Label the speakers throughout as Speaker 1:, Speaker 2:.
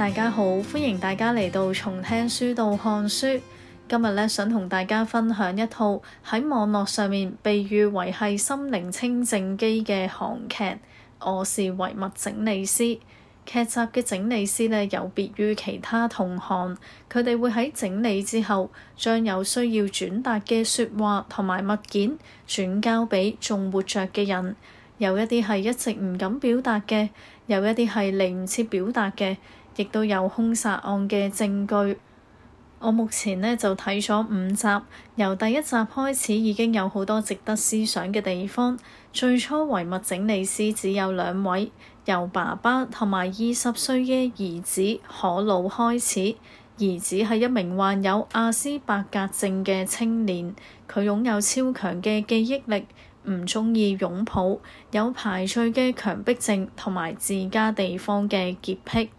Speaker 1: 大家好，歡迎大家嚟到從聽書到看書。今日咧，想同大家分享一套喺網絡上面被譽為係心靈清淨機嘅韓劇《我是遺物整理師》。劇集嘅整理師呢，有別於其他同行，佢哋會喺整理之後，將有需要轉達嘅說話同埋物件轉交俾仲活著嘅人。有一啲係一直唔敢表達嘅，有一啲係嚟唔切表達嘅。亦都有兇殺案嘅證據。我目前呢就睇咗五集，由第一集開始已經有好多值得思想嘅地方。最初遺物整理師只有兩位，由爸爸同埋二十歲嘅兒子可魯開始。兒子係一名患有阿斯伯格症嘅青年，佢擁有超強嘅記憶力，唔鍾意擁抱，有排序嘅強迫症同埋自家地方嘅潔癖。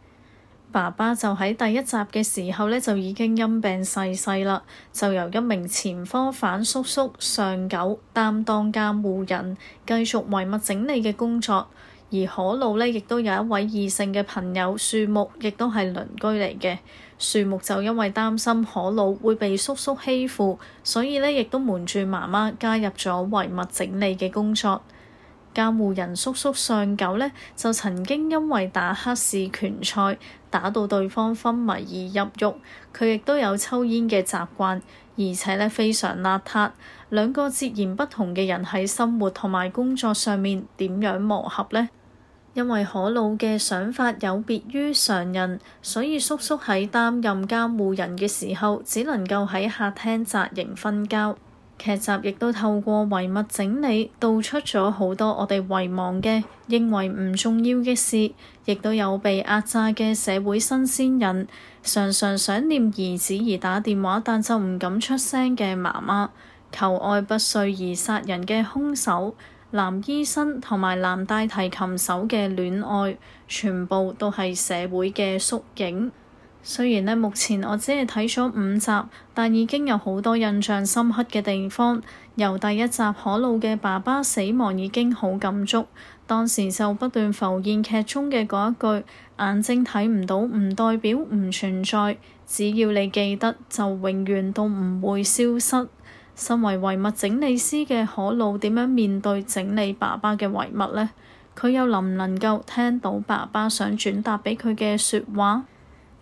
Speaker 1: 爸爸就喺第一集嘅時候咧，就已經因病逝世啦。就由一名前科犯叔叔上九擔當監護人，繼續遺物整理嘅工作。而可魯咧，亦都有一位異性嘅朋友樹木，亦都係鄰居嚟嘅。樹木就因為擔心可魯會被叔叔欺負，所以咧亦都瞞住媽媽加入咗遺物整理嘅工作。監護人叔叔上九呢，就曾經因為打黑市拳賽打到對方昏迷而入獄。佢亦都有抽煙嘅習慣，而且呢非常邋遢。兩個截然不同嘅人喺生活同埋工作上面點樣磨合呢？因為可魯嘅想法有別於常人，所以叔叔喺擔任監護人嘅時候，只能夠喺客廳紮營瞓覺。劇集亦都透過遺物整理，道出咗好多我哋遺忘嘅、認為唔重要嘅事，亦都有被壓榨嘅社會新鮮人，常常想念兒子而打電話，但就唔敢出聲嘅媽媽，求愛不遂而殺人嘅兇手，男醫生同埋男大提琴手嘅戀愛，全部都係社會嘅縮影。雖然呢，目前我只係睇咗五集，但已經有好多印象深刻嘅地方。由第一集可露嘅爸爸死亡已經好感觸，當時就不斷浮現劇中嘅嗰一句：眼睛睇唔到唔代表唔存在，只要你記得就永遠都唔會消失。身為遺物整理師嘅可露點樣面對整理爸爸嘅遺物呢？佢又能唔能夠聽到爸爸想轉達畀佢嘅説話？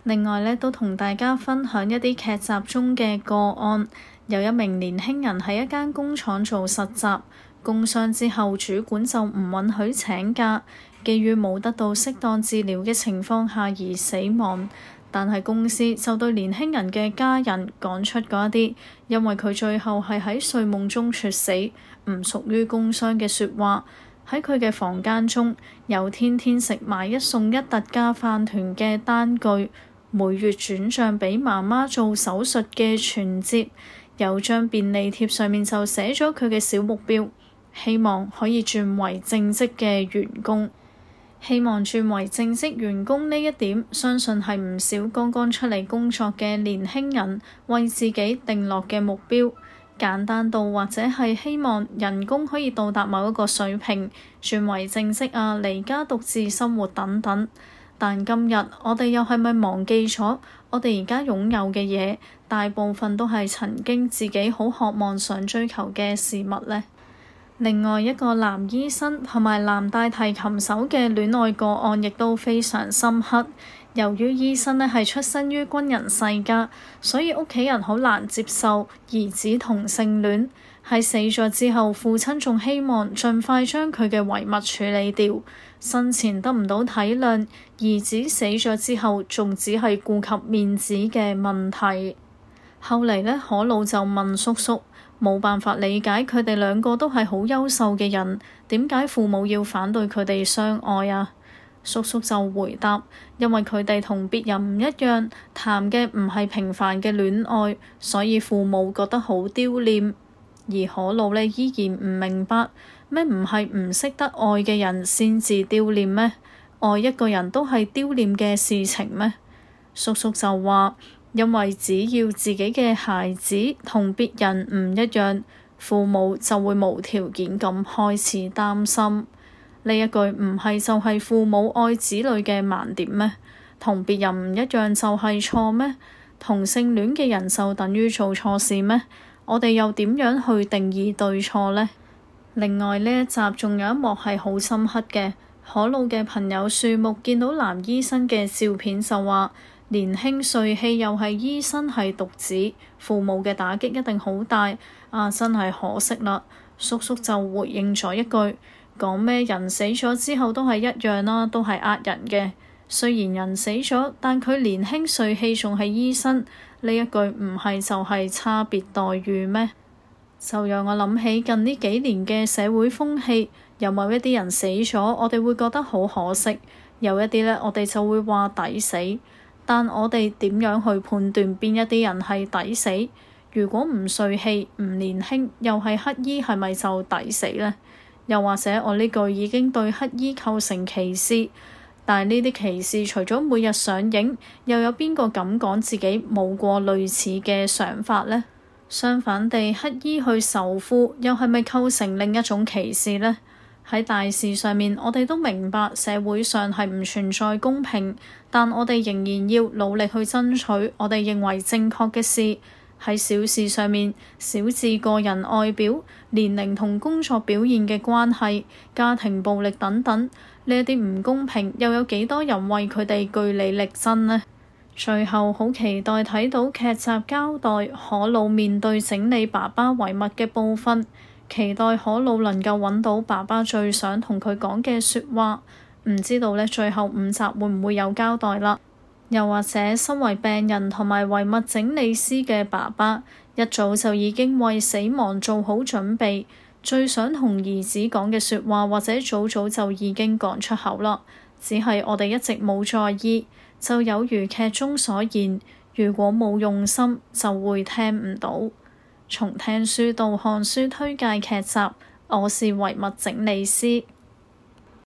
Speaker 1: 另外呢都同大家分享一啲劇集中嘅個案。有一名年輕人喺一間工廠做實習，工傷之後主管就唔允許請假，基於冇得到適當治療嘅情況下而死亡。但係公司就對年輕人嘅家人講出嗰一啲，因為佢最後係喺睡夢中猝死，唔屬於工傷嘅說話，喺佢嘅房間中，有天天食買一送一特價飯團嘅單據。每月轉帳俾媽媽做手術嘅存折，有張便利貼上面就寫咗佢嘅小目標，希望可以轉為正式嘅員工。希望轉為正式員工呢一點，相信係唔少剛剛出嚟工作嘅年輕人為自己定落嘅目標。簡單到或者係希望人工可以到達某一個水平，轉為正式啊，離家獨自生活等等。但今日我哋又係咪忘記咗我哋而家擁有嘅嘢，大部分都係曾經自己好渴望想追求嘅事物呢？另外一個男醫生同埋男大提琴手嘅戀愛個案亦都非常深刻。由於醫生呢係出身於軍人世家，所以屋企人好難接受兒子同性戀。喺死咗之後，父親仲希望盡快將佢嘅遺物處理掉。生前得唔到體諒，兒子死咗之後，仲只係顧及面子嘅問題。後嚟呢，可露就問叔叔，冇辦法理解佢哋兩個都係好優秀嘅人，點解父母要反對佢哋相愛啊？叔叔就回答：因為佢哋同別人唔一樣，談嘅唔係平凡嘅戀愛，所以父母覺得好丟臉。而可魯呢依然唔明白咩唔係唔識得愛嘅人先至丟臉咩？愛一個人都係丟臉嘅事情咩？叔叔就話，因為只要自己嘅孩子同別人唔一樣，父母就會無條件咁開始擔心。呢一句唔係就係父母愛子女嘅盲點咩？同別人唔一樣就係錯咩？同性戀嘅人就等於做錯事咩？我哋又點樣去定義對錯咧？另外呢一集仲有一幕係好深刻嘅，可魯嘅朋友樹木見到男醫生嘅照片就話，年輕帥氣又係醫生，係獨子，父母嘅打擊一定好大。啊，真係可惜啦！叔叔就回應咗一句。講咩人死咗之後都係一樣啦，都係呃人嘅。雖然人死咗，但佢年輕帥氣，仲係醫生。呢一句唔係就係差別待遇咩？就讓我諗起近呢幾年嘅社會風氣，有冇一啲人死咗，我哋會覺得好可惜；有一啲呢，我哋就會話抵死。但我哋點樣去判斷邊一啲人係抵死？如果唔帥氣、唔年輕，又係乞兒，係咪就抵死呢？又或者我呢句已經對乞衣構成歧視，但係呢啲歧視除咗每日上映，又有邊個敢講自己冇過類似嘅想法咧？相反地，乞衣去仇富，又係咪構成另一種歧視咧？喺大事上面，我哋都明白社會上係唔存在公平，但我哋仍然要努力去爭取我哋認為正確嘅事。喺小事上面，小至個人外表、年齡同工作表現嘅關係、家庭暴力等等呢啲唔公平，又有幾多人為佢哋據理力爭呢？最後好期待睇到劇集交代可魯面對整理爸爸遺物嘅部分，期待可魯能夠揾到爸爸最想同佢講嘅説話。唔知道呢最後五集會唔會有交代啦？又或者，身為病人同埋遺物整理師嘅爸爸，一早就已經為死亡做好準備，最想同兒子講嘅説話，或者早早就已經講出口啦，只係我哋一直冇在意，就有如劇中所言，如果冇用心，就會聽唔到。從聽書到看書推介劇集，我是遺物整理師。